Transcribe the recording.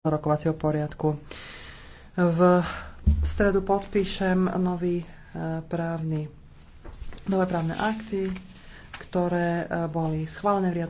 rokovacieho poriadku. V stredu podpíšem nový e, právny, nové právne akty, ktoré e, boli schválené v riadnom